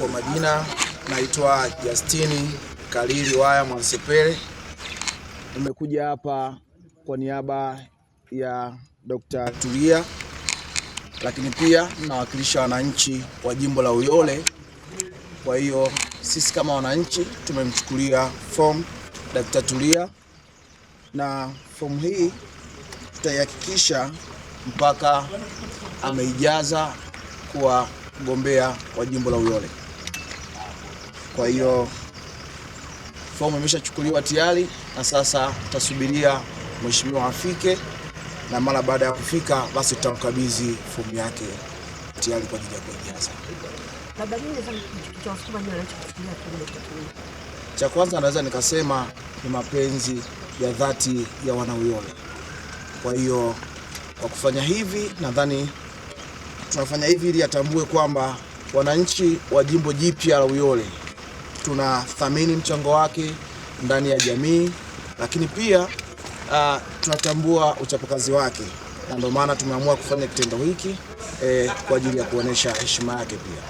Kwa majina naitwa Justini Kalili Waya Mwansepele, nimekuja hapa kwa niaba ya Dr. Tulia, lakini pia nawakilisha wananchi wa jimbo la Uyole. Kwa hiyo sisi kama wananchi tumemchukulia fomu Dr. Tulia na fomu hii tutaihakikisha mpaka ameijaza kuwa mgombea wa jimbo la Uyole. Kwa hiyo fomu imeshachukuliwa tayari na sasa tutasubiria mheshimiwa afike, na mara baada ya kufika basi tutamkabidhi fomu yake tayari kwa ajili ya kuijaza. Cha kwanza naweza nikasema ni mapenzi ya dhati ya wanauyole Kwa hiyo kwa kufanya hivi, nadhani tunafanya hivi ili atambue kwamba wananchi wa jimbo jipya la Uyole tunathamini mchango wake ndani ya jamii, lakini pia uh, tunatambua uchapakazi wake, na ndio maana tumeamua kufanya kitendo hiki eh, kwa ajili ya kuonesha heshima yake pia.